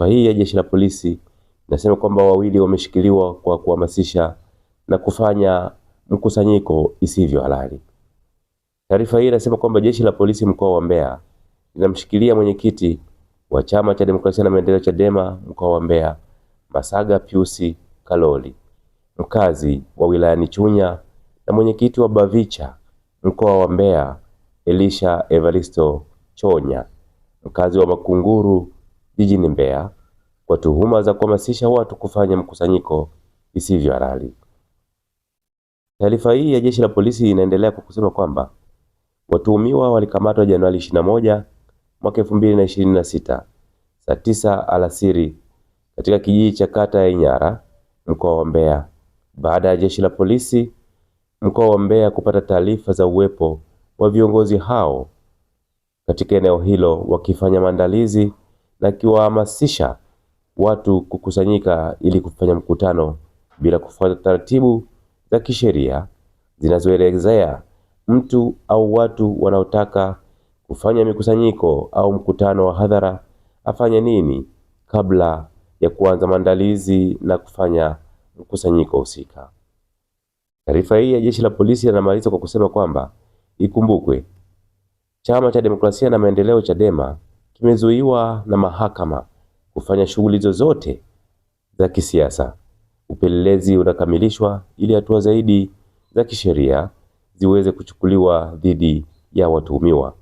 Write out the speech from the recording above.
Taarifa hii ya jeshi la polisi inasema kwamba wawili wameshikiliwa kwa kuhamasisha na kufanya mkusanyiko isivyo halali. Taarifa hii inasema kwamba jeshi la polisi mkoa wa Mbeya linamshikilia mwenyekiti wa chama cha demokrasia na maendeleo Chadema mkoa wa Mbeya, Masaga Piusi Kaloli, mkazi wa wilayani Chunya na mwenyekiti wa Bavicha mkoa wa Mbeya, Elisha Evaristo Chonya, mkazi wa Makunguru jijini Mbeya kwa tuhuma za kuhamasisha watu kufanya mkusanyiko isivyo halali. Taarifa hii ya jeshi la polisi inaendelea kwa kusema kwamba watuhumiwa walikamatwa Januari 21 mwaka 2026 saa tisa alasiri katika kijiji cha kata ya Inyara mkoa wa Mbeya baada ya jeshi la polisi mkoa wa Mbeya kupata taarifa za uwepo wa viongozi hao katika eneo hilo wakifanya maandalizi na kiwahamasisha watu kukusanyika ili kufanya mkutano bila kufuata taratibu za kisheria zinazoelezea mtu au watu wanaotaka kufanya mikusanyiko au mkutano wa hadhara afanye nini kabla ya kuanza maandalizi na kufanya mkusanyiko husika. Taarifa hii ya Jeshi la Polisi linamaliza kwa kusema kwamba ikumbukwe, Chama cha Demokrasia na Maendeleo, Chadema kimezuiwa na mahakama kufanya shughuli zozote za kisiasa. Upelelezi unakamilishwa ili hatua zaidi za kisheria ziweze kuchukuliwa dhidi ya watuhumiwa.